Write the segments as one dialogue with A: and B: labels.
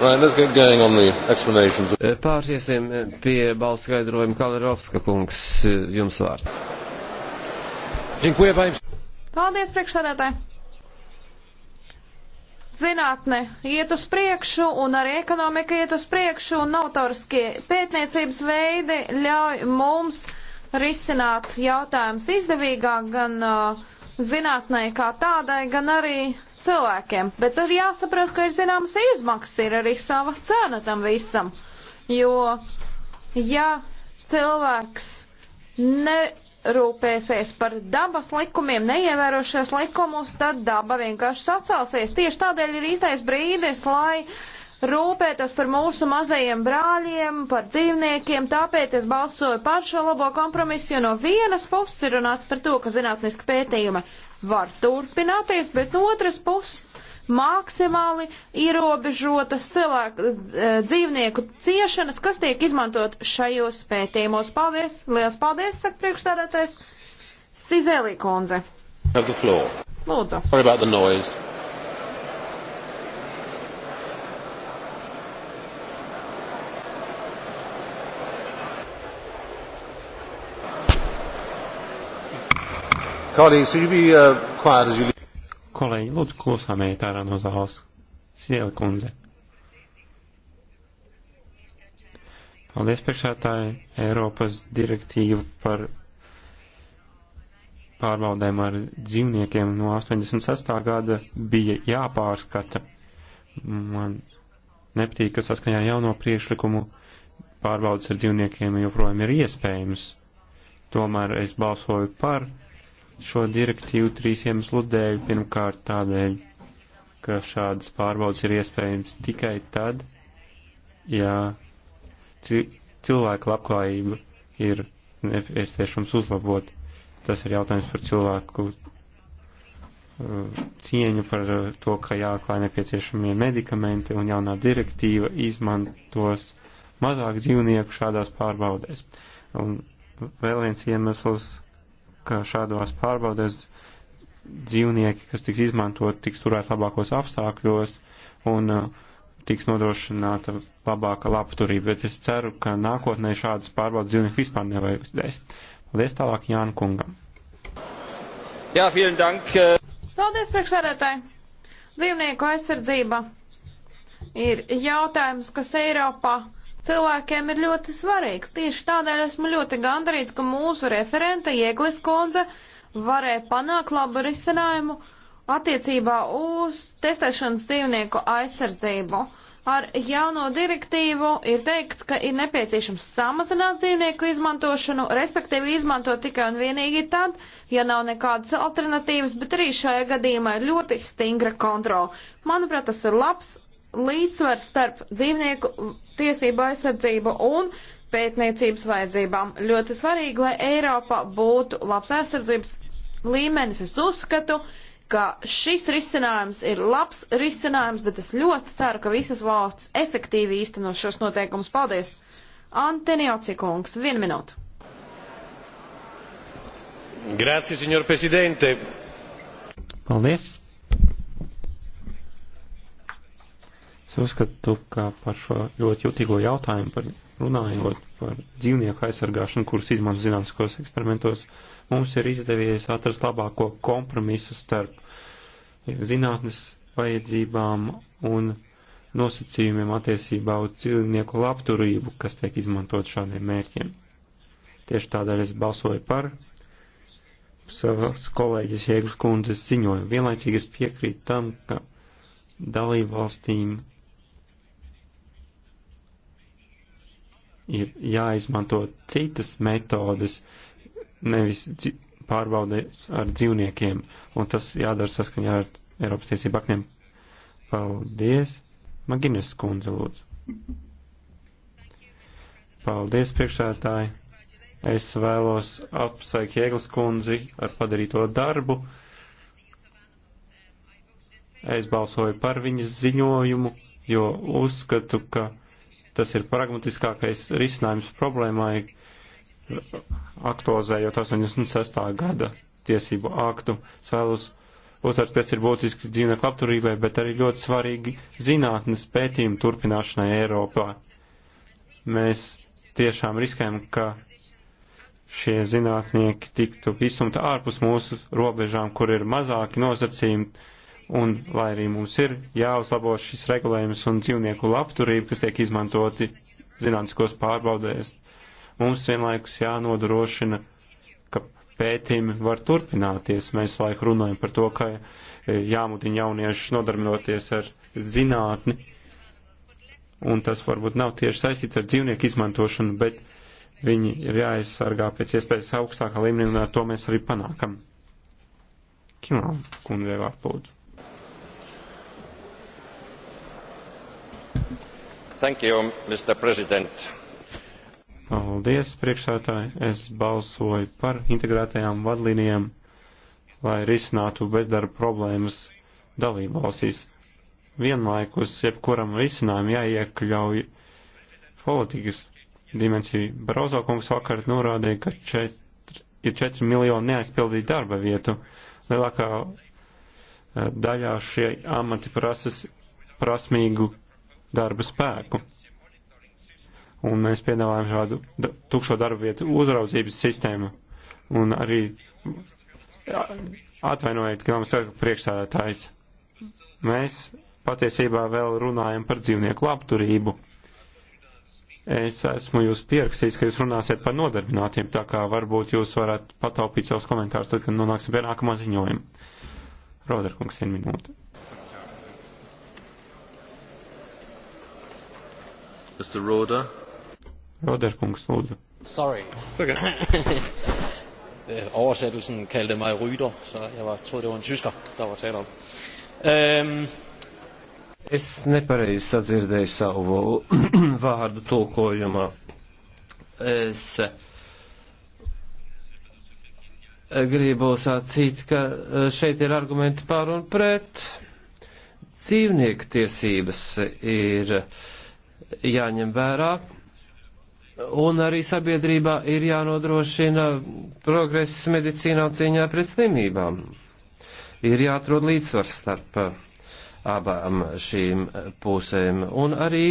A: Right, let's get going on the explanations. Eh, pāriesim eh, pie balskaidrojuma Kalerovska kungs. Eh, jums vārds.
B: Paldies, priekšsādātāji! Zinātne iet uz priekšu un arī ekonomika iet uz priekšu un autorskie pētniecības veidi ļauj mums risināt jautājumus izdevīgāk gan uh, zinātnē kā tādai, gan arī cilvēkiem, bet ir jāsaprot, ka ir zināmas izmaksas, ir arī sava cena tam visam. Jo, ja cilvēks nerūpēsies par dabas likumiem, neievērošies likumus, tad daba vienkārši sacelsies. Tieši tādēļ ir īstais brīdis, lai uh, rūpētos par mūsu mazajiem brāļiem, par dzīvniekiem, tāpēc es balsoju par šo labo kompromisu, jo no vienas puses ir runāts par to, ka zinātniska pētījuma var turpināties, bet no otras puses maksimāli ierobežotas cilvēku eh, dzīvnieku ciešanas, kas tiek izmantot šajos pētījumos. Paldies! Liels paldies, saka priekšstādātais Sizēlī kundze.
A: Lūdzu. Sorry about the noise.
C: Kolēģis, will you
D: be uh, quiet as you leave? Kolēģi, lūdzu, klusām ejiet ārā no zāles. Siela kundze. Paldies, priekšētāji. Eiropas direktīva par pārbaudēm ar dzīvniekiem no 86. gada bija jāpārskata. Man nepatīk, ka saskaņā jauno priešlikumu pārbaudas ar dzīvniekiem joprojām ir iespējams. Tomēr es balsoju par šo direktīvu trīs iemeslu dēļ. Pirmkārt, tādēļ, ka šādas pārbaudas ir iespējams tikai tad, ja cilvēka labklājība ir nepieciešams uzlabot. Tas ir jautājums par cilvēku uh, cieņu par uh, to, ka jāklāj nepieciešamie medikamenti un jaunā direktīva izmantos mazāk dzīvnieku šādās pārbaudēs. Un vēl viens iemesls ka šādos pārbaudēs dzīvnieki, kas tiks izmantot, tiks turēt labākos apstākļos un uh, tiks nodrošināta labāka labturība, bet es ceru, ka nākotnē šādas pārbaudas dzīvnieku vispār nevajadzēs. Paldies tālāk Jāna kungam.
E: Jā, vielen dank.
D: Eh.
B: Paldies, priekšsēdētāji. Dzīvnieku aizsardzība ir jautājums, kas Eiropā cilvēkiem ir ļoti svarīgs. Tieši tādēļ esmu ļoti gandarīts, ka mūsu referente Ieglis Konze varēja panākt labu risinājumu attiecībā uz testēšanas dzīvnieku aizsardzību. Ar jauno direktīvu ir teikts, ka ir nepieciešams samazināt dzīvnieku izmantošanu, respektīvi izmantot tikai un vienīgi tad, ja nav nekādas alternatīvas, bet arī šajā gadījumā ir ļoti stingra kontrola. Manuprāt, tas ir labs līdzsvars starp dzīvnieku tiesību aizsardzību un pētniecības vajadzībām. Ļoti svarīgi, lai Eiropā būtu labs aizsardzības līmenis. Es uzskatu, ka šis risinājums ir labs risinājums, bet es ļoti ceru, ka visas valstis efektīvi īstenos šos noteikumus. Paldies! Antenioci kungs, vienu minūtu.
A: Grazie, signor Presidente.
D: Paldies. Es uzskatu, ka par šo ļoti jutīgo jautājumu, par runājot par dzīvnieku aizsargāšanu, kurus izmanto zinātniskos eksperimentos, mums ir izdevies atrast labāko kompromisu starp zinātnes vajadzībām un nosacījumiem attiecībā uz dzīvnieku labturību, kas tiek izmantot šādiem mērķiem. Tieši tādēļ es balsoju par savas kolēģis Jēgas kundzes ziņojumu. Vienlaicīgi es piekrītu tam, ka dalību valstīm ir jāizmanto citas metodes, nevis pārbaudēs ar dzīvniekiem, un tas jādara saskaņā ar Eiropas tiesību aktiem. Paldies! Magines skundze, lūdzu. Paldies, priekšsētāji! Es vēlos apsveikt Jēglas kundzi ar padarīto darbu. Es balsoju par viņas ziņojumu, jo uzskatu, ka Tas ir pragmatiskākais risinājums problēmai, aktualizējot 86. gada tiesību aktu. Es vēlos uzsvērt, kas ir būtiski dzīvnieku labturībai, bet arī ļoti svarīgi zinātnes pētījumu turpināšanai Eiropā. Mēs tiešām riskējam, ka šie zinātnieki tiktu izsumta ārpus mūsu robežām, kur ir mazāki nosacījumi un vai arī mums ir jāuzlabo šis regulējums un dzīvnieku labturība, kas tiek izmantoti zinātniskos pārbaudēs. Mums vienlaikus jānodrošina, ka pētījumi var turpināties. Mēs laiku runājam par to, ka e, jāmudina jauniešus nodarbinoties ar zinātni, un tas varbūt nav tieši saistīts ar dzīvnieku izmantošanu, bet viņi ir jāaizsargā pēc iespējas augstākā līmenī, un ar to mēs arī panākam. Kimā kundze vārds lūdzu. You, Paldies, priekšsētāji. Es balsoju par integrētajām vadlīnijām, lai risinātu bezdarba problēmas dalību valstīs. Vienlaikus jebkuram risinājumam jāiekļauj politikas dimensiju. Barozo kungs vakar norādīja, ka četri, ir 4 miljoni neaizpildīti darba vietu. Lielākā eh, daļā šie amati prasas prasmīgu darba spēku. Un mēs piedāvājam šādu da tukšo darbu vietu uzraudzības sistēmu. Un arī atvainojiet, ka mums saka priekšsādātājs. Mēs patiesībā vēl runājam par dzīvnieku labturību. Es esmu jūs pierakstījis, ka jūs runāsiet par nodarbinātiem, tā kā varbūt jūs varat pataupīt savus komentārus, tad, kad nonāksim pie nākamā ziņojuma. Roderkungs, vien minūte.
E: Mr. Roda.
D: Roder kungs, lūdzu.
E: Sorry. Okay. Øh, oversættelsen kaldte mig Ryder, så jeg
A: var, troede, det var en tysker, der var tale om. Øhm. Es nepareizi sadzirdēju savu vārdu tulkojumā. Es eh, gribu sacīt, ka eh, šeit ir argumenti par un pret. Dzīvnieku tiesības ir uh, jāņem vērā. Un arī sabiedrībā ir jānodrošina progress medicīnā cīņā pret slimībām. Ir jāatrod līdzsvars starp abām šīm pusēm. Un arī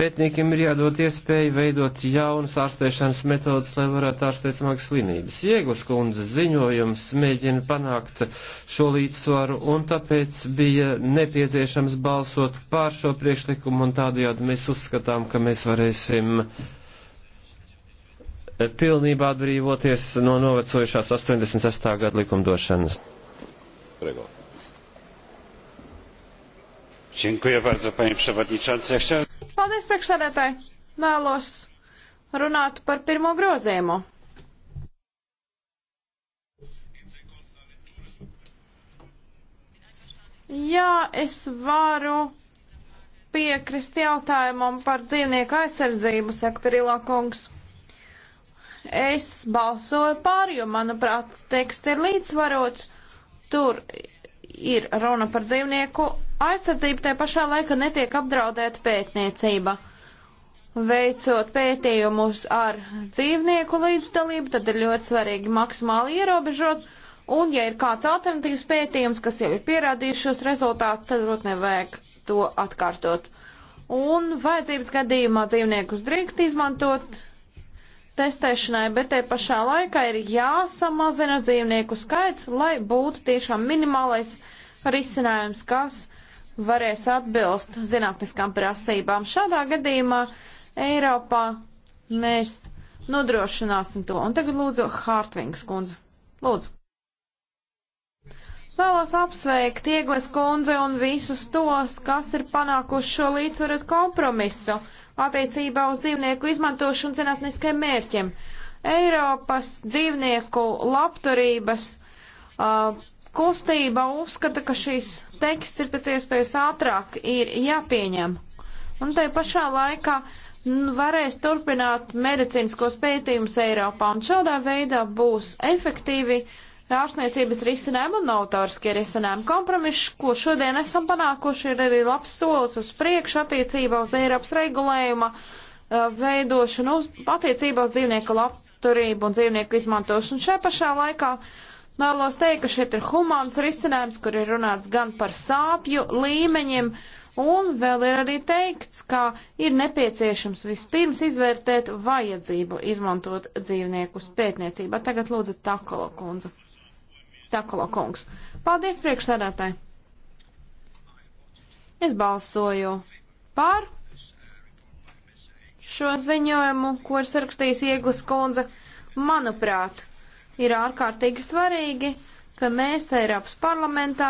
A: Pētniekiem ir jādod iespēju veidot jaunas ārstēšanas metodas, lai varētu ārstēt smagas slimības. Ieglas kundzes ziņojums mēģina panākt šo līdzsvaru, un tāpēc bija nepieciešams balsot pār šo priekšlikumu, un tādējādi mēs uzskatām, ka mēs varēsim pilnībā atbrīvoties no novecojušās 86. gada likumdošanas.
D: Dziękuję bardzo, panie przewodniczący. Chciałem...
B: Paldies, priekšsēdētāji! Vēlos runāt par pirmo grozījumu. Jā, es varu piekrist jautājumam par dzīvnieku aizsardzību, saka Pirilo kungs. Es balsoju pār, jo, manuprāt, teksts ir līdzsvarots. Tur ir runa par dzīvnieku aizsardzība tajā pašā laikā netiek apdraudēta pētniecība. Veicot pētījumus ar dzīvnieku līdzdalību, tad ir ļoti svarīgi maksimāli ierobežot, un ja ir kāds alternatīvs pētījums, kas jau ir pierādījis šos rezultātus, tad rot nevajag to atkārtot. Un vajadzības gadījumā dzīvniekus drīkst izmantot testēšanai, bet te pašā laikā ir jāsamazina dzīvnieku skaits, lai būtu tiešām minimālais risinājums, kas varēs atbilst zinātniskām prasībām. Šādā gadījumā Eiropā mēs nodrošināsim to. Un tagad lūdzu Hārtvings kundze. Lūdzu. Vēlos apsveikt Iegles kundze un visus tos, kas ir panākuši šo līdzsvarot kompromisu attiecībā uz dzīvnieku izmantošanu zinātniskiem mērķiem. Eiropas dzīvnieku labturības uh, kustība uzskata, ka šīs teksts ir pēc iespējas ātrāk ir jāpieņem. Un tai pašā laikā varēs turpināt medicīniskos pētījumus Eiropā, un šādā veidā būs efektīvi ārstniecības risinājumi un autorskie risinājumi. Kompromiss, ko šodien esam panākuši, ir arī labs solis uz priekšu attiecībā uz Eiropas regulējuma veidošanu, uz attiecībā uz dzīvnieku labturību un dzīvnieku izmantošanu. Šajā pašā laikā Vēlos teikt, ka šeit ir humāns risinājums, kur ir runāts gan par sāpju līmeņiem, un vēl ir arī teikts, ka ir nepieciešams vispirms izvērtēt vajadzību izmantot dzīvniekus pētniecībā. Tagad lūdzu Takolo kundze. Takolo kungs. Paldies priekšsēdētāji. Es balsoju par šo ziņojumu, ko ir sarakstījis Ieglas kundze. Manuprāt, ir ārkārtīgi svarīgi, ka mēs Eiropas parlamentā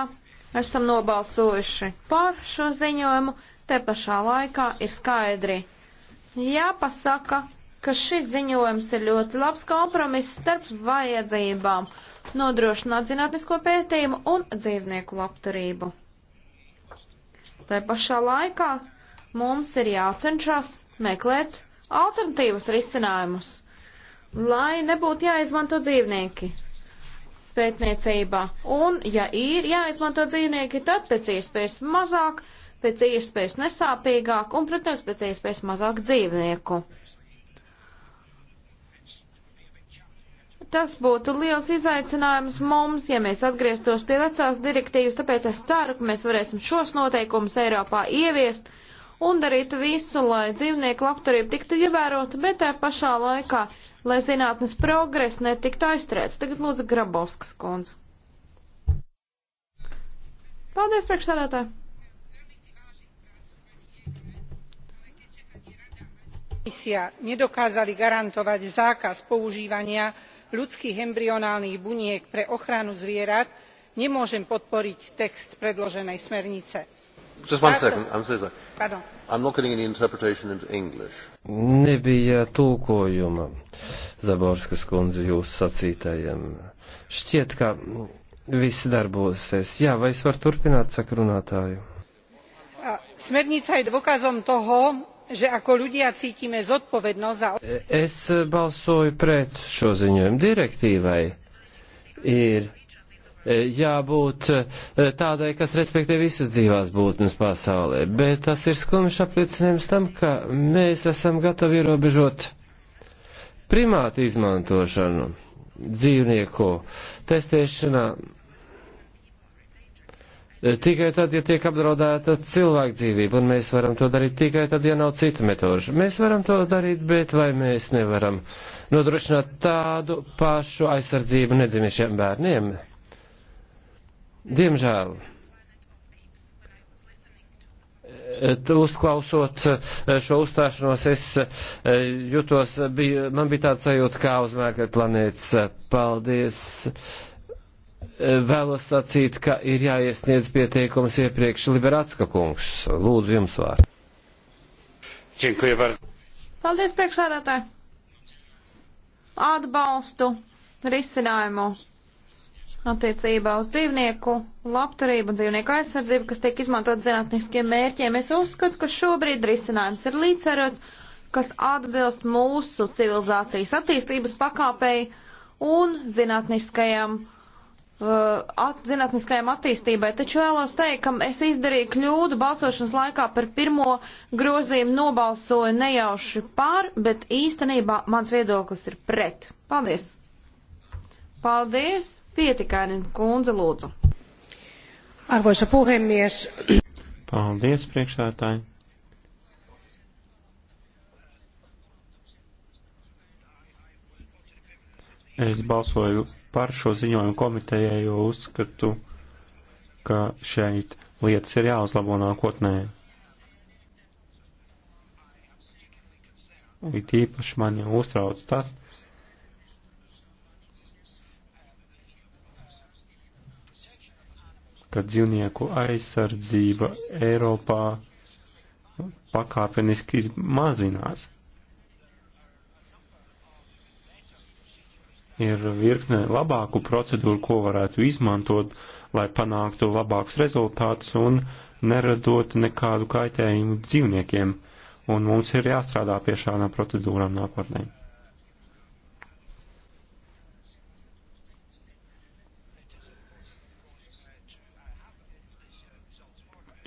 B: esam nobalsojuši par šo ziņojumu, te pašā laikā ir skaidri jāpasaka, ka šis ziņojums ir ļoti labs kompromiss starp vajadzībām nodrošināt zinātnisko pētījumu un dzīvnieku labturību. Tā pašā laikā mums ir jācenšas meklēt alternatīvus risinājumus, lai nebūtu jāizmanto dzīvnieki pētniecībā. Un, ja ir jāizmanto dzīvnieki, tad pēc iespējas mazāk, pēc iespējas nesāpīgāk un, protams, pēc iespējas mazāk dzīvnieku. Tas būtu liels izaicinājums mums, ja mēs atgrieztos pie vecās direktīvas, tāpēc es ceru, ka mēs varēsim šos noteikumus Eiropā ieviest un darīt visu, lai dzīvnieku labturība tiktu ievērota, bet tā pašā laikā lai zinātnes progress netiktu aizturēts. Tagad lūdzu Grabovskas kundzu. Paldies, priekšstādātāji! komisia nedokázali garantovať zákaz používania ľudských embryonálnych buniek pre ochranu zvierat nemôžem podporiť text predloženej smernice
E: Just one ah, second. I'm so sorry. Pardon. I'm not getting any interpretation into English.
A: Nebija tulkojuma Zaborskas kundze jūsu sacītajiem. Šķiet, ka viss darbosies. Jā, vai es varu turpināt sakrunātāju?
B: Smernica ir dôkazom toho, že ako ľudia cítime zodpovednosť za...
A: Es balsoju pret šo ziņojumu direktīvai. Ir E, jābūt e, tādai, kas respektē visas dzīvās būtnes pasaulē. Bet tas ir skumjš apliecinājums tam, ka mēs esam gatavi ierobežot primātu izmantošanu dzīvnieku testēšanā e, tikai tad, ja tiek apdraudēta cilvēku dzīvība, un mēs varam to darīt tikai tad, ja nav citu metožu. Mēs varam to darīt, bet vai mēs nevaram nodrošināt tādu pašu aizsardzību nedzimiešiem bērniem? Diemžēl. Uzklausot eh, šo uzstāšanos, es eh, jutos, bija, man bija tāds sajūta kā uz Mērķa planētas. Paldies! Eh, vēlos sacīt, ka ir jāiesniedz pieteikums iepriekš Liberatska kungs. Lūdzu, jums vārds.
B: Paldies, priekšsādātāji! Atbalstu risinājumu attiecībā uz dzīvnieku labturību un dzīvnieku aizsardzību, kas tiek izmantot zinātniskiem mērķiem. Es uzskatu, ka šobrīd risinājums ir līdzsvarots, kas atbilst mūsu civilizācijas attīstības pakāpei un zinātniskajam, uh, at, zinātniskajam attīstībai. Taču vēlos teikt, ka es izdarīju kļūdu balsošanas laikā par pirmo grozījumu nobalsoju nejauši pār, bet īstenībā mans viedoklis ir pret. Paldies! Paldies! Pietikainen kundze lūdzu.
C: Arvoisa puhemies.
D: Paldies, priekšsētāji. Es balsoju par šo ziņojumu komitejai, jo uzskatu, ka šeit lietas ir jāuzlabo nākotnē. It īpaši mani uztrauc tas, ka dzīvnieku aizsardzība Eiropā pakāpeniski mazinās. Ir virkne labāku procedūru, ko varētu izmantot, lai panāktu labākus rezultātus un neradot nekādu kaitējumu dzīvniekiem, un mums ir jāstrādā pie šādām procedūrām nākotnē.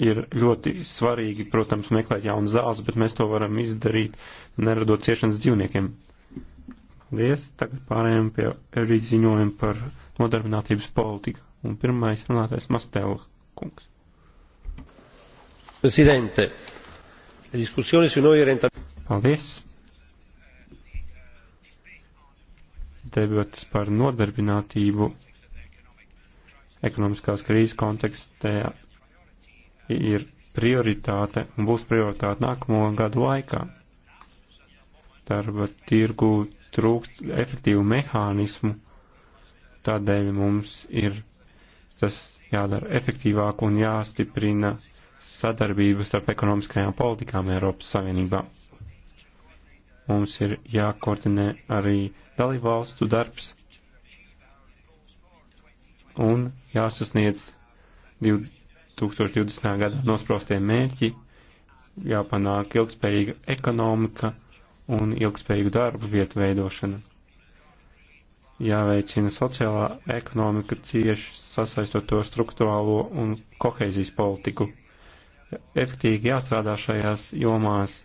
D: ir ļoti svarīgi, protams, meklēt jaunu zāles, bet mēs to varam izdarīt, neradot ciešanas dzīvniekiem. Lies, tagad pārējām pie arī ziņojuma par nodarbinātības politiku. Un pirmais runātais Mastēla kungs. Presidente, diskusione su noi renta. Paldies. Debats par nodarbinātību ekonomiskās krīzes kontekstē ir prioritāte un būs prioritāte nākamo gadu laikā. Darba tirgu trūkst efektīvu mehānismu, tādēļ mums ir tas jādara efektīvāk un jāstiprina sadarbības starp ekonomiskajām politikām Eiropas Savienībā. Mums ir jākoordinē arī dalībvalstu darbs un jāsasniedz 20 2020. gadā nosprostie mērķi, jāpanāk ilgspējīga ekonomika un ilgspējīgu darbu vietu veidošana. Jāveicina sociālā ekonomika cieši sasaistot to struktūrālo un kohēzijas politiku. Efektīgi jāstrādā šajās jomās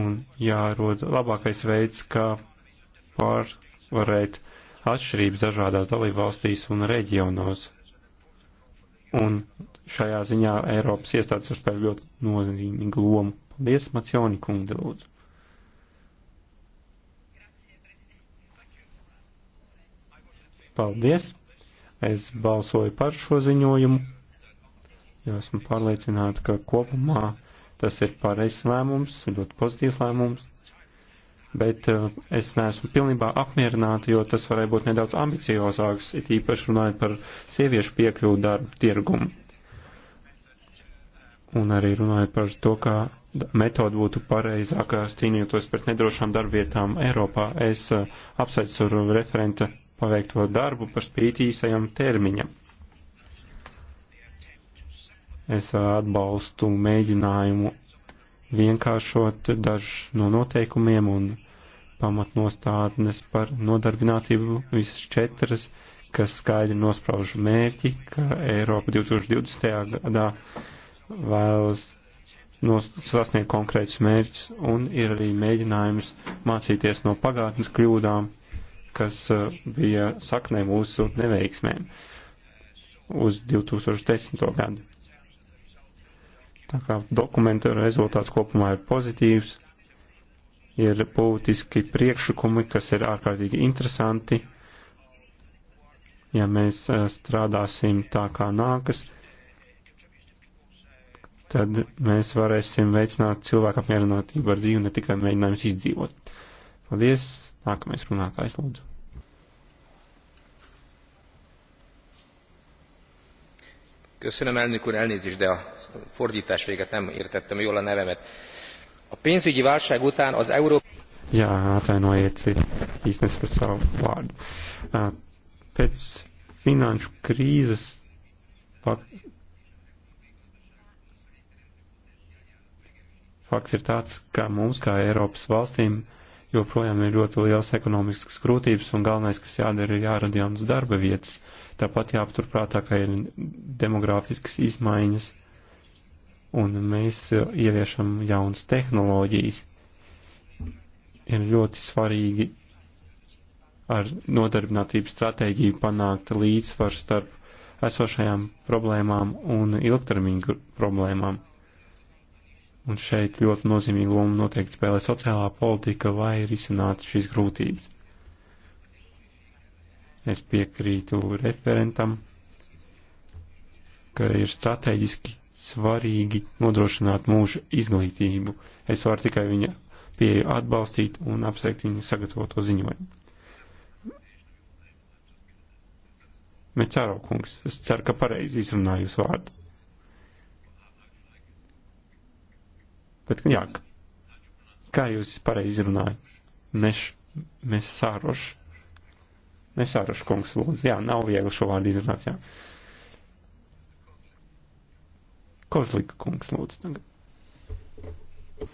D: un jārod labākais veids, kā pārvarēt atšķirības dažādās dalībvalstīs un reģionos. Un šajā ziņā Eiropas iestādes var spēlēt ļoti nozīmīgu lomu. Paldies, Macioni kundze, lūdzu. Paldies! Es balsoju par šo ziņojumu, jo esmu pārliecināta, ka kopumā tas ir pareizs lēmums, ļoti pozitīvs lēmums bet eh, es neesmu pilnībā apmierināta, jo tas varēja būt nedaudz ambiciozāks, it īpaši runājot par sieviešu piekļuvu darbu tirgumu. Un arī runājot par to, kā metoda būtu pareizākā cīnīties pret nedrošām darbvietām Eiropā. Es eh, apsveicu referenta paveikto darbu par spīti īsajam termiņam. Es eh, atbalstu mēģinājumu vienkāršot dažus no noteikumiem un pamatnostādnes par nodarbinātību visas četras, kas skaidri nospraužu mērķi, ka Eiropa 2020. gadā vēlas sasniegt konkrētus mērķus un ir arī mēģinājums mācīties no pagātnes kļūdām, kas uh, bija saknē mūsu neveiksmēm uz 2010. gadu Tā kā dokumenta rezultāts kopumā ir pozitīvs, ir būtiski priekšlikumi, kas ir ārkārtīgi interesanti. Ja mēs strādāsim tā kā nākas, tad mēs varēsim veicināt cilvēku apmierinātību ar dzīvi, ne tikai mēģinājums izdzīvot. Paldies! Nākamais runātājs lūdzu.
C: Köszönöm, elnök úr, elnézést, de a fordítás véget nem értettem jól a nevemet. A pénzügyi válság után az Euró...
D: Jā, atvainojiet, īstenībā par savu vārdu. Pēc finanšu krīzes fakts ir tāds, ka mums kā Eiropas valstīm uh, joprojām ir ļoti liels ekonomisks grūtības un galvenais, kas jādara, ir jārada jaunas darba vietas. Tāpat jāpaturprātā, ka ir demogrāfiskas izmaiņas un mēs e, ieviešam jaunas tehnoloģijas. Ir ļoti svarīgi ar nodarbinātību stratēģiju panākt līdzsvaru starp esošajām problēmām un ilgtermiņu problēmām. Un šeit ļoti nozīmīgu lomu noteikti spēlē sociālā politika, lai risinātu šīs grūtības. Es piekrītu referentam, ka ir strateģiski svarīgi nodrošināt mūža izglītību. Es varu tikai viņa pieeju atbalstīt un apsveikt viņu sagatavoto ziņojumu. Mečāro kungs, es ceru, ka pareizi izrunāju jūsu vārdu. Bet jā, kā jūs pareizi runājat? Meš, mēs sāroši. Nesāroši kungs lūdzu. Jā, nav viegli šo vārdu izrunāt, jā. Kozlika kungs lūdzu tagad.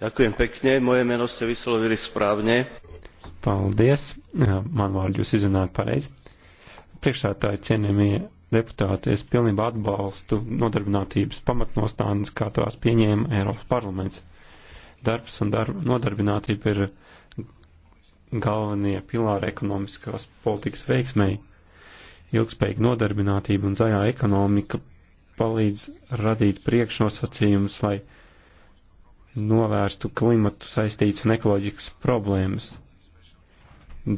D: Ďakujem pekne, moje meno ste vyslovili správne. Paldies, man vārdu jūs izrunājat pareizi. Priekšstātāji cienījamie deputāti, es pilnībā atbalstu nodarbinātības pamatnostādnes, kā tās pieņēma Eiropas parlaments. Darbs un darba nodarbinātība ir galvenie pilāri ekonomiskās politikas veiksmēji. Ilgspējīga nodarbinātība un zaļā ekonomika palīdz radīt priekšnosacījumus, lai novērstu klimatu saistītas un ekoloģiskas problēmas.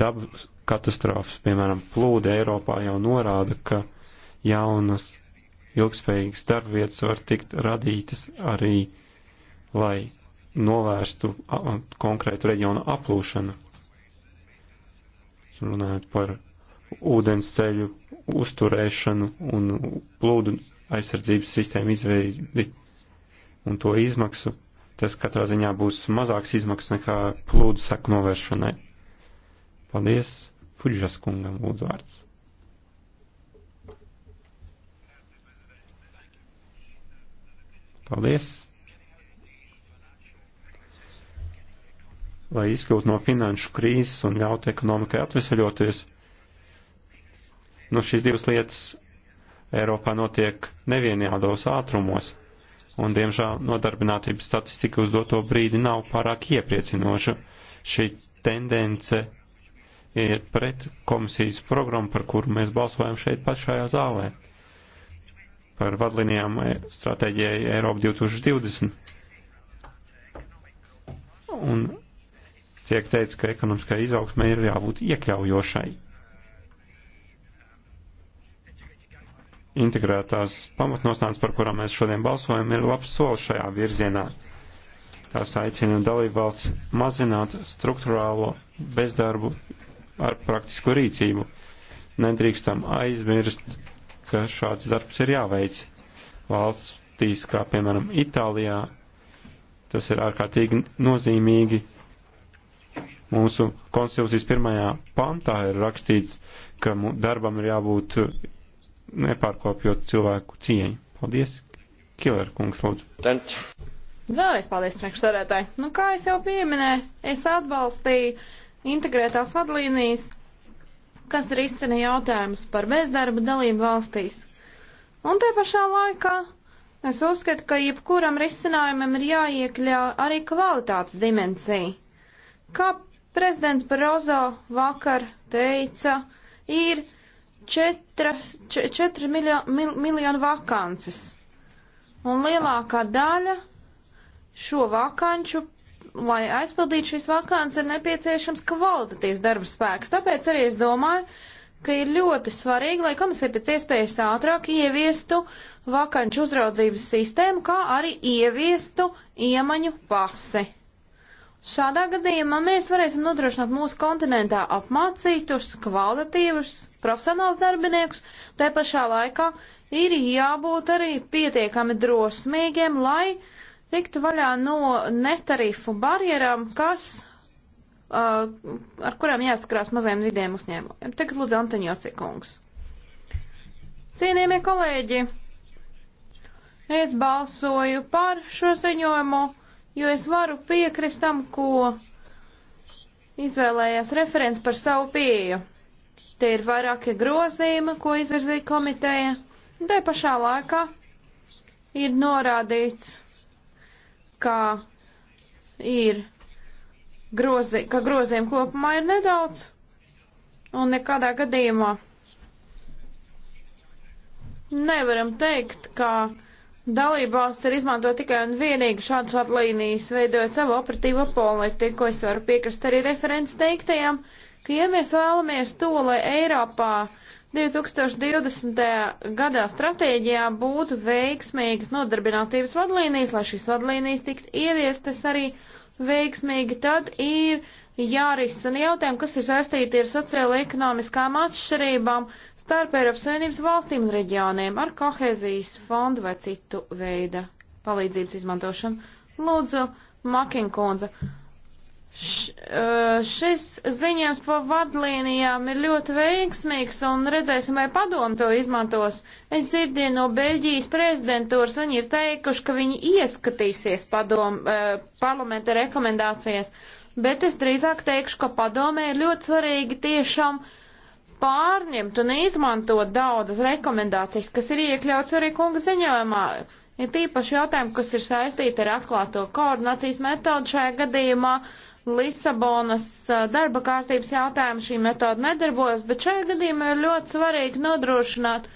D: Dabas katastrofas, piemēram, plūdi Eiropā jau norāda, ka jaunas ilgspējīgas darbvietas var tikt radītas arī, lai novērstu konkrētu reģionu aplūšanu. Runājot par ūdensceļu uzturēšanu un plūdu aizsardzības sistēmu izveidi un to izmaksu, tas katrā ziņā būs mazāks izmaksas nekā plūdu seku novēršanai. Paldies, Fuģas kungam, lūdzu vārds. Paldies! Lai izkļūtu no finanšu krīzes un ļautu ekonomikai atveseļoties, nu šīs divas lietas Eiropā notiek nevienādos ātrumos, un diemžēl nodarbinātības statistika uz doto brīdi nav pārāk iepriecinoša. Šī tendence ir pret komisijas programmu, par kuru mēs balsojam šeit pašajā zālē par vadlinijām e, stratēģijai Eiropa 2020. Un tiek teica, ka ekonomiskai izaugsmai ir jābūt iekļaujošai. Integrētās pamatnostādnes, par kurām mēs šodien balsojam, ir labs solis šajā virzienā. Tās aicina dalībvalsts mazināt struktūrālo bezdarbu ar praktisku rīcību. Nedrīkstam aizmirst ka šāds darbs ir jāveic valstīs, kā piemēram Itālijā. Tas ir ārkārtīgi nozīmīgi. Mūsu konstitūcijas pirmajā pantā ir rakstīts, ka darbam ir jābūt nepārkopjot cilvēku cieņu. Paldies, Kilera kungs, lūdzu. Tent.
B: Vēlreiz paldies priekšsarētāji. Nu, kā es jau pieminēju, es atbalstīju integrētās vadlīnijas kas risina jautājumus par bezdarbu dalību valstīs. Un te pašā laikā es uzskatu, ka jebkuram risinājumam ir jāiekļauj arī kvalitātes dimensija. Kā prezidents Barozo vakar teica, ir 4, 4 miljo, mil, miljonu vakances. Un lielākā daļa šo vakanču lai aizpildītu šīs vakāns, ir nepieciešams kvalitatīvs darba spēks. Tāpēc arī es domāju, ka ir ļoti svarīgi, lai komisija pēc iespējas ātrāk ieviestu vakanču uzraudzības sistēmu, kā arī ieviestu iemaņu pasi. Šādā gadījumā mēs varēsim nodrošināt mūsu kontinentā apmācītus, kvalitatīvus, profesionālus darbiniekus, te pašā laikā ir jābūt arī pietiekami drosmīgiem, lai tiktu vaļā no netarifu barjeram, kas, uh, ar kurām jāskrās mazajiem vidiem uzņēmumiem. Tagad lūdzu Antaņoci kungs. Cienījamie kolēģi, es balsoju par šo ziņojumu, jo es varu piekrist tam, ko izvēlējās referents par savu pieju. Te ir vairākie grozījumi, ko izvirzīja komiteja, un te pašā laikā ir norādīts ka ir grozi, ka groziem kopumā ir nedaudz un nekādā gadījumā nevaram teikt, ka dalībvalsts ir izmanto tikai un vienīgi šādas vadlīnijas, veidojot savu operatīvo politiku. Es varu piekrist arī referents teiktajam, ka ja mēs vēlamies to, lai Eiropā 2020. gadā stratēģijā būtu veiksmīgas nodarbinātības vadlīnijas, lai šīs vadlīnijas tiktu ieviestas arī veiksmīgi, tad ir jārisina jautājumi, kas ir saistīti ar sociālo-ekonomiskām atšķirībām starp Eiropas Savienības valstīm un reģioniem ar kohēzijas fondu vai citu veidu palīdzības izmantošanu. Lūdzu, Makinkundze. Šis ziņojums pa vadlīnijām ir ļoti veiksmīgs un redzēsim, vai padomu to izmantos. Es dzirdēju no Beļģijas prezidentūras, viņi ir teikuši, ka viņi ieskatīsies padomu eh, parlamenta rekomendācijas, bet es drīzāk teikšu, ka padomē ir ļoti svarīgi tiešām pārņemt un izmantot daudzas rekomendācijas, kas ir iekļauts arī kunga ziņojumā. Ir ja tīpaši jautājumi, kas ir saistīti ar atklāto koordinācijas metodu šajā gadījumā. Uh, Lisabonas darba kārtības jautājumu šī metoda nedarbojas, bet šajā gadījumā ir ļoti svarīgi nodrošināt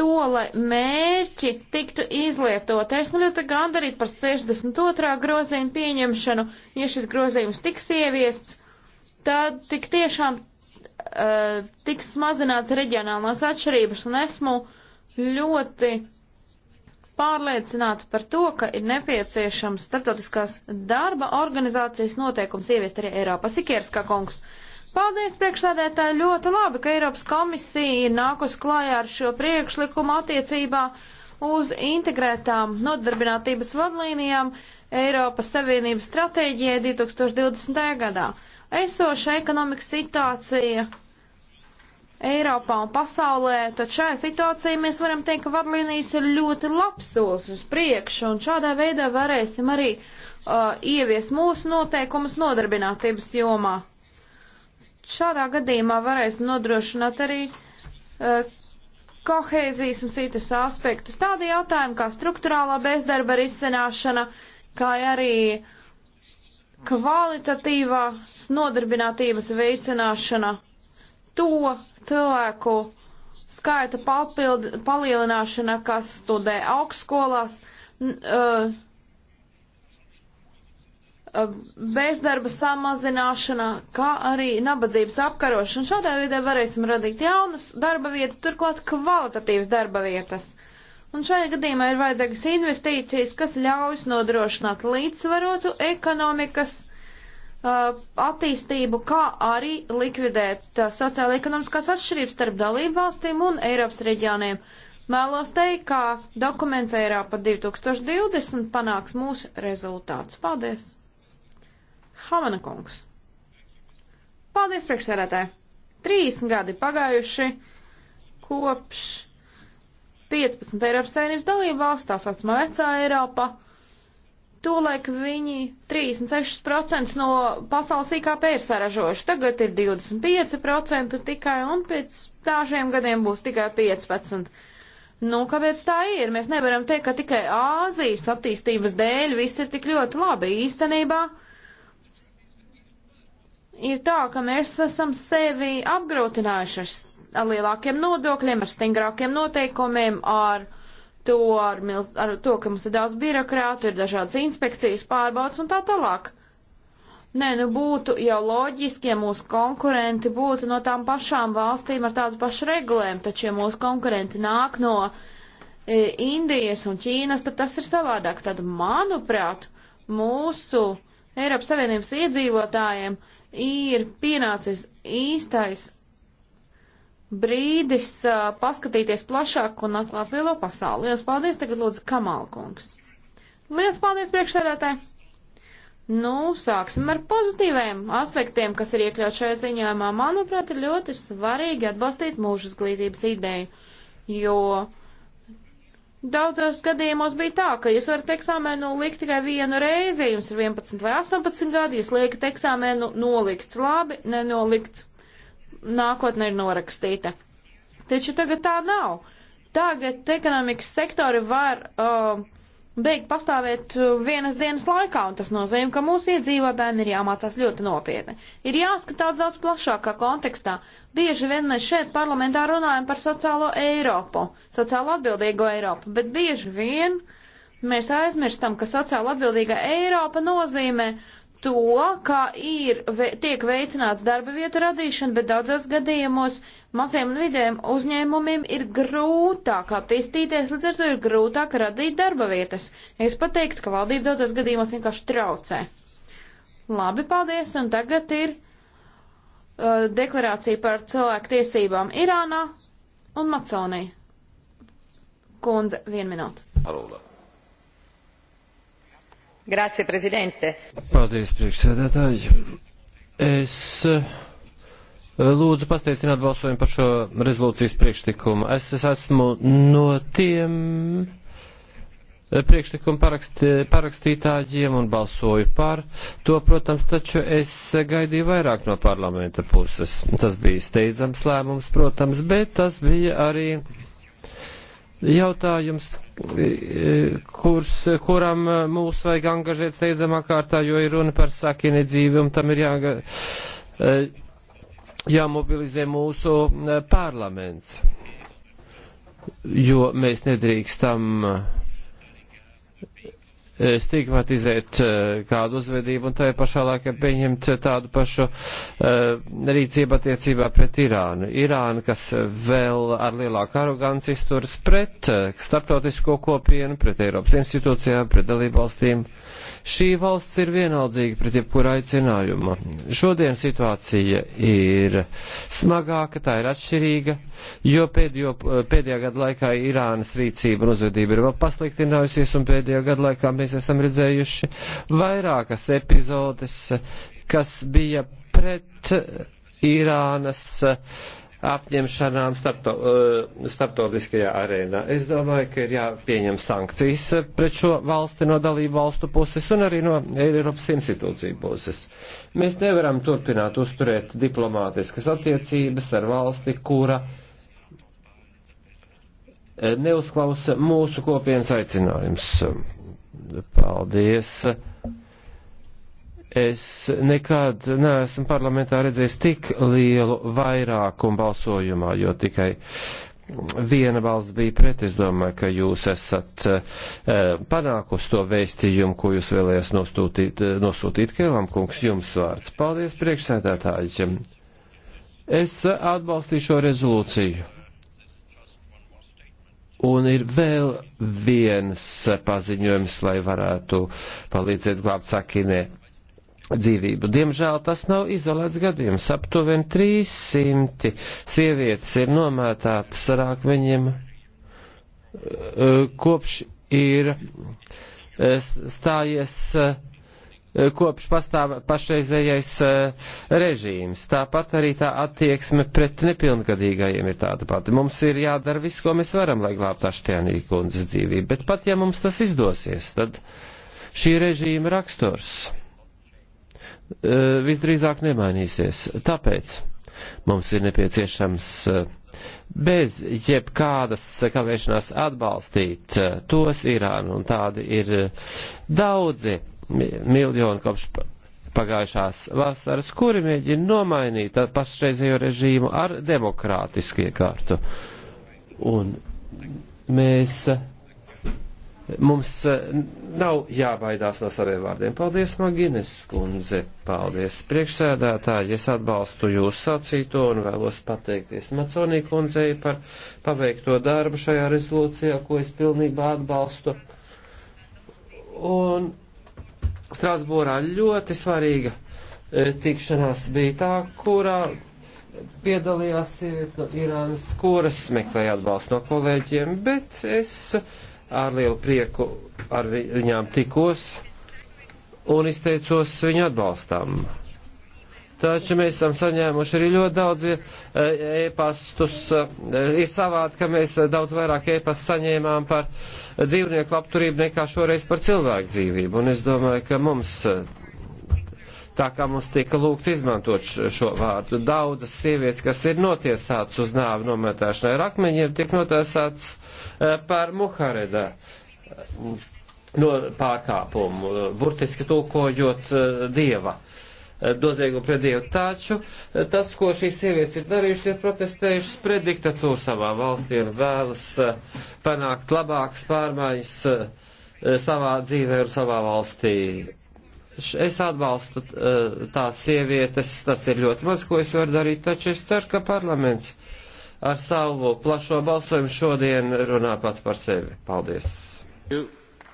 B: to, lai mērķi tiktu izlietot. Esmu nu ļoti gandarīt par 62. grozījumu pieņemšanu, ja šis grozījums tiks ieviests, tad tik tiešām uh, tiks mazināts reģionālās atšķirības un esmu ļoti pārliecināti par to, ka ir nepieciešams starptautiskās darba organizācijas noteikums ieviest arī Eiropā. Sikierska kungs. Paldies, priekšsēdētāji, ļoti labi, ka Eiropas komisija ir nākus klājā ar šo priekšlikumu attiecībā uz integrētām nodarbinātības vadlīnijām Eiropas Savienības stratēģijai 2020. gadā. Esoša ekonomikas situācija Eiropā un pasaulē, tad šajā situācijā mēs varam teikt, ka vadlīnijas ir ļoti labs solis uz priekšu, un šādā veidā varēsim arī uh, ievies mūsu noteikumus nodarbinātības jomā. Šādā gadījumā varēsim nodrošināt arī uh, kohēzijas un citus aspektus. Tādi jautājumi kā struktūrālā bezdarba risināšana, kā arī kvalitatīvās nodarbinātības veicināšana to cilvēku skaita papild, palielināšana, kas studē augstskolās, uh, uh, bezdarba samazināšana, kā arī nabadzības apkarošana. Šādā veidā varēsim radīt jaunas darba vietas, turklāt kvalitatīvas darba vietas. Un šajā gadījumā ir vajadzīgas investīcijas, kas ļaujas nodrošināt līdzsvarotu ekonomikas uh, Uh, attīstību, kā arī likvidēt uh, sociāla-ekonomiskās atšķirības starp dalību valstīm un Eiropas reģioniem. Mēlos teikt, ka dokuments Eiropa 2020 panāks mūsu rezultātus. Paldies! Havana kungs! Paldies, priekšsēdētāji! 30 gadi pagājuši kopš 15 Eiropas Savienības dalību valsts, tā saucamā vecā Eiropa Tolaik viņi 36% no pasaules IKP ir saražojuši, tagad ir 25% tikai un pēc dažiem gadiem būs tikai 15%. Nu, kāpēc tā ir? Mēs nevaram teikt, ka tikai Āzijas attīstības dēļ viss ir tik ļoti labi. Īstenībā ir tā, ka mēs esam sevi apgrūtinājuši ar lielākiem nodokļiem, ar stingrākiem noteikumiem, ar uh, to ar, milz, ar to, ka mums ir daudz birokrātu, ir dažādas inspekcijas, pārbaudas un tā tālāk. Nē, nu būtu jau loģiski, ja mūsu konkurenti būtu no tām pašām valstīm ar tādu pašu regulējumu, taču ja mūsu konkurenti nāk no e, Indijas un Ķīnas, tad tas ir savādāk. Tad, manuprāt, mūsu Eiropas Savienības iedzīvotājiem ir pienācis īstais brīdis uh, paskatīties plašāk un atklāt lielo pasauli. Lielas paldies, tagad lūdzu Kamalkungs. Lielas paldies priekšsēdētāji! Nu, sāksim ar pozitīviem aspektiem, kas ir iekļauts šajā ziņojumā. Manuprāt, ir ļoti svarīgi atbalstīt mūža izglītības ideju, jo daudzos gadījumos bija tā, ka jūs varat eksāmenu likt tikai vienu reizi, jums ir 11 vai 18 gadi, jūs liekat eksāmenu nolikts labi, nenolikts nākotne ir norakstīta. Taču tagad tā nav. Tagad ekonomikas sektori var uh, beigt pastāvēt uh, vienas dienas laikā, un tas nozīmē, ka mūsu iedzīvotājiem ir jāmācās ļoti nopietni. Ir jāskatās daudz plašākā kontekstā. Bieži vien mēs šeit parlamentā runājam par sociālo Eiropu, sociālo atbildīgo Eiropu, bet bieži vien mēs aizmirstam, ka sociāli atbildīga Eiropa nozīmē uh, to, kā ir, tiek veicināts darba vietu radīšana, bet daudzos gadījumos maziem un vidējiem uzņēmumiem ir grūtāk attīstīties, līdz ar to ir grūtāk radīt darba vietas. Es pateiktu, ka valdība daudzos gadījumos vienkārši traucē. Labi, paldies, un tagad ir uh, deklarācija par cilvēku tiesībām Irānā un Maconija. Kundze, vien minūte. Arulda. Grācie, prezidente!
A: Paldies, priekšsēdētāji! Es eh, lūdzu pasteicināt balsojumu par šo rezolūcijas priekšlikumu. Es, es esmu no tiem eh, priekšlikumu parakst, parakstītājiem un balsoju par to, protams, taču es gaidīju vairāk no parlamenta puses. Tas bija steidzams lēmums, protams, bet tas bija arī jautājums, kurs, kuram e, mūs vajag angažēt steidzamā kārtā, jo ir runa par sakini dzīvi un tam ir jāga, e, jāmobilizē mūsu e, parlaments. Jo mēs nedrīkstam stigmatizēt eh, kādu uzvedību un tai pašā laikā pieņemt eh, tādu pašu eh, rīcību attiecībā pret Irānu. Irāna, kas vēl ar lielāku aroganci izturas pret starptautisko kopienu, pret Eiropas institūcijām, pret dalībvalstīm. Šī valsts ir vienaldzīga pret jebkuru aicinājumu. Šodien situācija ir smagāka, tā ir atšķirīga, jo pēdējo, pēdējā gada laikā Irānas rīcība un uzvedība ir vēl pasliktinājusies un pēdējā gada laikā mēs mēs esam redzējuši vairākas epizodes, kas bija pret Irānas apņemšanām starpto, eh, starptautiskajā arēnā. Es domāju, ka ir jāpieņem sankcijas pret šo valsti no dalību valstu puses un arī no Eiropas institūciju puses. Mēs nevaram turpināt uzturēt diplomātiskas attiecības ar valsti, kura eh, neuzklausa mūsu kopienas aicinājums. Paldies. Es nekad neesmu parlamentā redzējis tik lielu vairākumu balsojumā, jo tikai viena balss bija pret. Es domāju, ka jūs esat eh, panākusi to vēstījumu, ko jūs vēlējās nostūtīt, eh, nosūtīt Kēlam kungs. Jums vārds. Paldies priekšsēdētāji. Es atbalstīšu šo rezolūciju Un ir vēl viens paziņojums, lai varētu palīdzēt glābt sakinē dzīvību. Diemžēl tas nav izolēts gadījums. Aptuveni 300 sievietes ir nomētātas ar akmeņiem eh, kopš ir eh, stājies eh, Eh, kopš pastāv pašreizējais eh, režīms. Tāpat arī tā attieksme pret nepilngadīgajiem ir tāda pati. Mums ir jādara viss, ko mēs varam, lai glābtu Aštianī kundzes dzīvību, bet pat ja mums tas izdosies, tad šī režīma raksturs eh, visdrīzāk nemainīsies. Tāpēc mums ir nepieciešams bez jebkādas kavēšanās atbalstīt tos Irānu, un tādi ir daudzi miljoni kopš pagājušās vasaras, kuri mēģina nomainīt pašreizējo režīmu ar demokrātisku iekārtu. Un mēs, mums nav jābaidās no saviem vārdiem. Paldies, Magines kundze, paldies priekšsēdētāji, es atbalstu jūs sacīto un vēlos pateikties Maconī kundzei par paveikto darbu šajā rezolūcijā, ko es pilnībā atbalstu. Un Strasbūrā ļoti svarīga e, tikšanās bija tā, kurā piedalījās sievietes no Irānas, kuras meklēja atbalstu no kolēģiem, bet es ar lielu prieku ar viņām tikos un izteicos viņu atbalstām. Taču mēs esam saņēmuši arī ļoti daudz eh, e-pastus. Eh, ir savādi, ka mēs eh, daudz vairāk e-pastu saņēmām par dzīvnieku labturību nekā šoreiz par cilvēku dzīvību. Un es domāju, ka mums, tā kā mums tika lūgts izmantot šo vārdu, daudzas sievietes, kas ir notiesātas uz nāvi nometāšanai ar akmeņiem, tiek notiesātas par muharedā no pārkāpumu, burtiski tulkojot dieva. Uh, Eh, doziegumu pret Dievu. Taču eh, tas, ko šīs sievietes ir darījušas, ir protestējušas pret diktatūru savā valstī un vēlas eh, panākt labākas pārmaiņas savā dzīvē un savā valstī. Es atbalstu tās sievietes, tas ir ļoti maz, ko es varu darīt, taču es ceru, ka parlaments ar savu plašo balsojumu šodien runā pats par sevi. Paldies!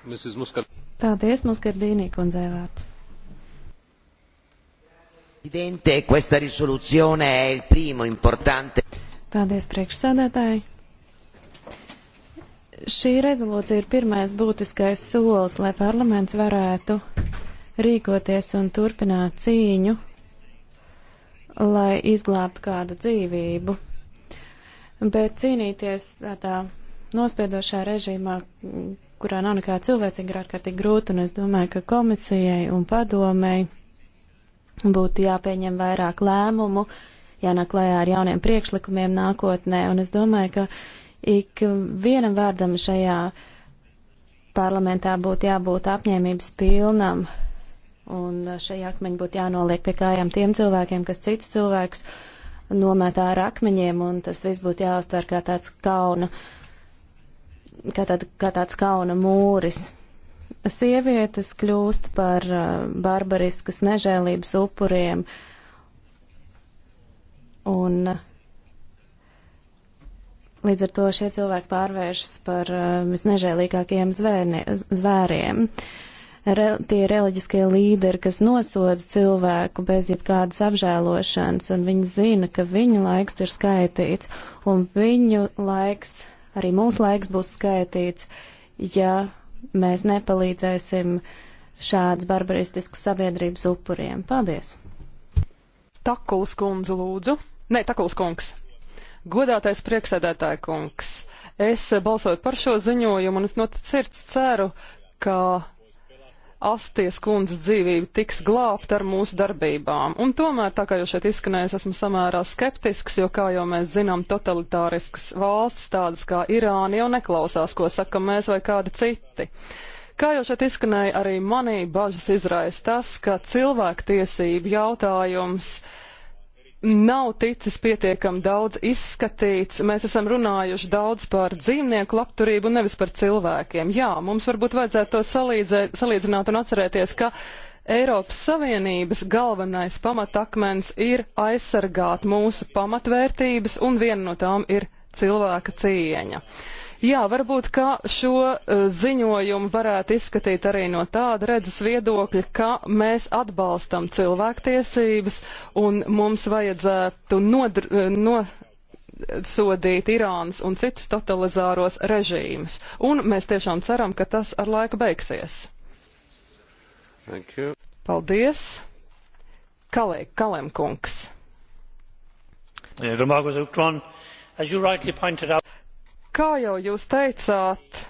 A: Paldies,
C: Muskardīnī kundzei vārds. Presidente,
B: questa risoluzione è il primo importante.
C: Paldies, priekšsādātāji. Šī rezolūcija ir pirmais būtiskais solis, lai parlaments varētu rīkoties un turpināt cīņu, lai izglābtu kādu dzīvību. Bet cīnīties tādā nospiedošā režīmā, kurā nav nekā cilvēcīga, ir ārkārtīgi grūti, un es domāju, ka komisijai un padomēji būtu jāpieņem vairāk lēmumu, jānāk klajā ar jauniem priekšlikumiem nākotnē, un es domāju, ka ik vienam vārdam šajā parlamentā būtu jābūt apņēmības pilnam, un šie akmeņi būtu jānoliek pie kājām tiem cilvēkiem, kas citus cilvēkus nometā ar akmeņiem, un tas viss būtu jāuztver kā tāds kauna, kā, tād, kā tāds kauna mūris sievietes kļūst par uh, barbariskas nežēlības upuriem un uh, līdz ar to šie cilvēki pārvēršas par uh, visnežēlīgākajiem zvērnie, zvēriem. Re, tie reliģiskie līderi, kas nosoda cilvēku bez jebkādas apžēlošanas, un viņi zina, ka viņu laiks ir skaitīts, un viņu laiks, arī mūsu laiks būs skaitīts, ja mēs nepalīdzēsim šādas barbaristiskas sabiedrības upuriem. Paldies!
E: Takuls kundze lūdzu. Nē, Takuls kungs. Godātais priekšsēdētāja kungs. Es balsoju par šo ziņojumu un es no sirds ceru, ka Asties kundzes dzīvība tiks glābta ar mūsu darbībām. Un tomēr, tā kā jau šeit izskanējis, esmu samērā skeptisks, jo, kā jau mēs zinām, totalitāriskas valstis tādas kā Irāna jau neklausās, ko sakam mēs vai kādi citi. Kā jau šeit izskanēja, arī manī bažas izraisa tas, ka cilvēktiesību jautājums uh, nav ticis pietiekami daudz izskatīts. Mēs esam runājuši daudz par dzīvnieku labturību un nevis par cilvēkiem. Jā, mums varbūt vajadzētu to salīdzē, salīdzināt un atcerēties, ka Eiropas Savienības galvenais pamatakmens ir aizsargāt mūsu pamatvērtības, un viena no tām ir cilvēka cieņa. Jā, varbūt, ka šo uh, ziņojumu varētu izskatīt arī no tāda redzes viedokļa, ka mēs atbalstam cilvēktiesības un mums vajadzētu nodr, e, no, sodīt Irānas un citus totalizāros režīmus. Un mēs tiešām ceram, ka tas ar laiku beigsies. Paldies. Kalē, Kalem
D: kungs. Ja, domāju, Kā
E: jau jūs teicāt,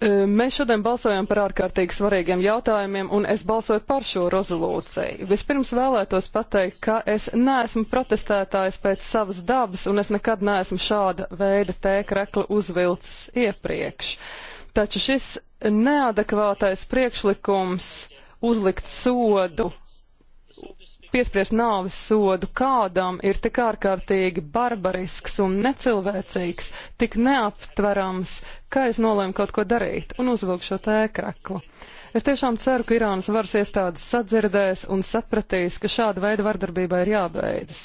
E: e, Mēs šodien balsojam par ārkārtīgi svarīgiem jautājumiem, un es balsoju par šo rezolūciju. Vispirms vēlētos pateikt, ka es neesmu protestētājs pēc savas dabas, un es nekad neesmu šāda veida tēkrekla uzvilcis iepriekš. Taču šis neadekvātais priekšlikums uzlikt sodu piespriest nāves sodu kādam ir tik ārkārtīgi barbarisks un necilvēcīgs, tik neaptverams, ka es nolēmu kaut ko darīt un uzvilku šo tēkraklu. Es tiešām ceru, ka Irānas varas iestādes sadzirdēs un sapratīs, ka šāda veida vardarbība ir jābeidzas.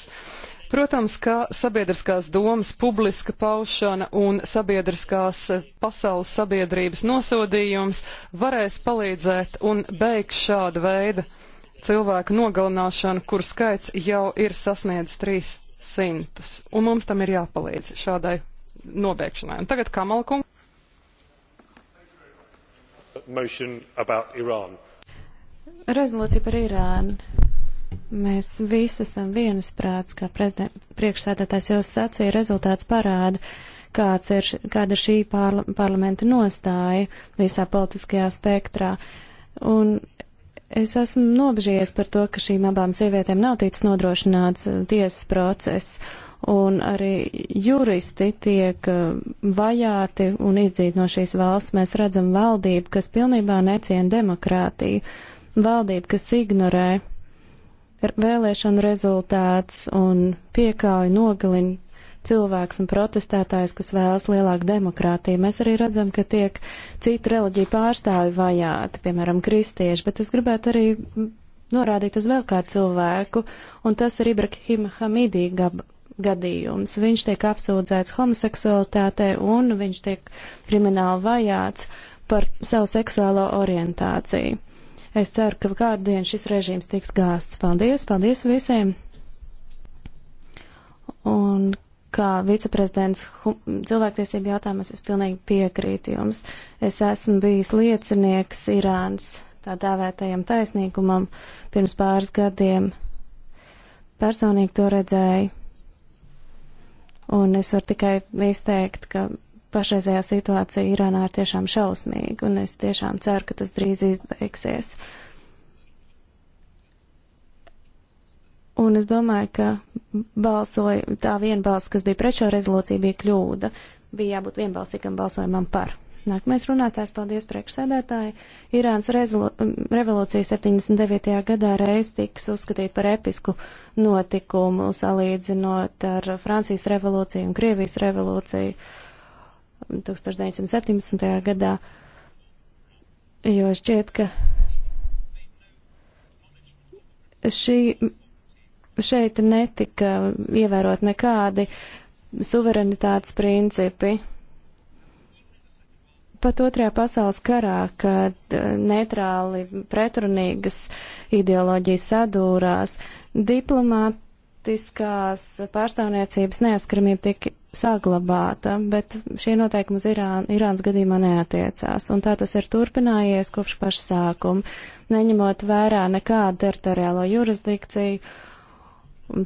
E: Protams, ka sabiedriskās domas publiska paušana un sabiedriskās eh, pasaules sabiedrības nosodījums varēs palīdzēt un beigt šādu veidu cilvēku nogalināšanu, kur skaits jau ir sasniedzis 300. Un mums tam ir jāpalīdz šādai nobeigšanai. Un tagad Kamalkung. Rezolūcija par Irānu.
C: Mēs visi esam vienasprāts, kā priekšsēdētājs jau sacīja, rezultāts parāda, kāds ir, kāda ir šī pārla parlamenta nostāja visā politiskajā spektrā. Un Es esmu nobežījies par to, ka šīm abām sievietēm nav ticis nodrošināts eh, tiesas process, un arī juristi tiek eh, vajāti un izdzīti no šīs valsts. Mēs redzam valdību, kas pilnībā neciena demokrātiju, valdību, kas ignorē vēlēšanu rezultāts un piekauj nogalina cilvēks un protestētājs, kas vēlas lielāku demokrātiju. Mēs arī redzam, ka tiek citu reliģiju pārstāvi vajāti, piemēram, kristieši, bet es gribētu arī norādīt uz vēl kādu cilvēku, un tas ir Ibrahima Hamidī gadījums. Viņš tiek apsūdzēts homoseksualitātē un viņš tiek krimināli vajāts par savu seksuālo orientāciju. Es ceru, ka kādu dienu šis režīms tiks gāsts. Paldies, paldies visiem! Un kā viceprezidents cilvēktiesību jautājumus, es pilnīgi piekrītu jums. Es esmu bijis liecinieks Irānas tā dēvētajam taisnīgumam pirms pāris gadiem. Personīgi to redzēju. Un es varu tikai izteikt, ka pašreizējā situācija Irānā ir tiešām šausmīga, un es tiešām ceru, ka tas drīz izbeigsies. Uh, Un es domāju, ka balsoja, tā vienbalss, kas bija pret šo rezolūciju, bija kļūda. Bija jābūt vienbalsīgam balsojumam par. Nākamais runātājs, paldies priekšsēdētāji. Irānas revolūcija 79. gadā reiz tiks uzskatīta par episku notikumu, salīdzinot ar Francijas revolūciju un Krievijas revolūciju 1917. gadā, jo šķiet, ka šī šeit netika ievērot nekādi suverenitātes principi. Pat otrajā pasaules karā, kad eh, neitrāli pretrunīgas ideoloģijas sadūrās, diplomātiskās pārstāvniecības neaskaramība tika saglabāta, bet šie noteikumi uz Irānu, Irānas gadījumā neatiecās, un tā tas ir turpinājies kopš paša sākuma, neņemot vērā nekādu teritoriālo jurisdikciju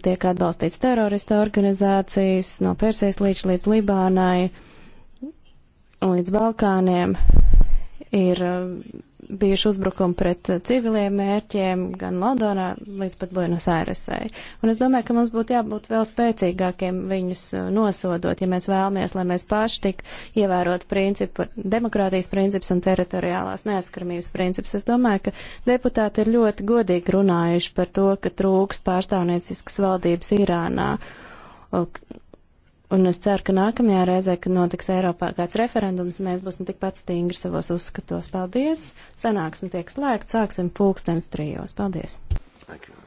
C: tiek atbalstīts terorista organizācijas no Persijas līdz, līdz Libānai un līdz Balkāniem. Ir bijuši uzbrukumi pret civiliem mērķiem gan Londonā līdz pat Buenos Airesai. Un es domāju, ka mums būtu jābūt vēl spēcīgākiem viņus uh, nosodot, ja mēs vēlamies, lai mēs paši tik ievērot principu, demokrātijas principus un teritoriālās neaskaramības principus. Es domāju, ka deputāti ir ļoti godīgi runājuši par to, ka trūks pārstāvnieciskas valdības Irānā Un es ceru, ka nākamajā reizē, kad notiks Eiropā kāds referendums, mēs būsim tikpat stingri savos uzskatos. Paldies! Sanāksme tiek slēgta, sāksim pulkstens trijos. Paldies!
E: Thank you.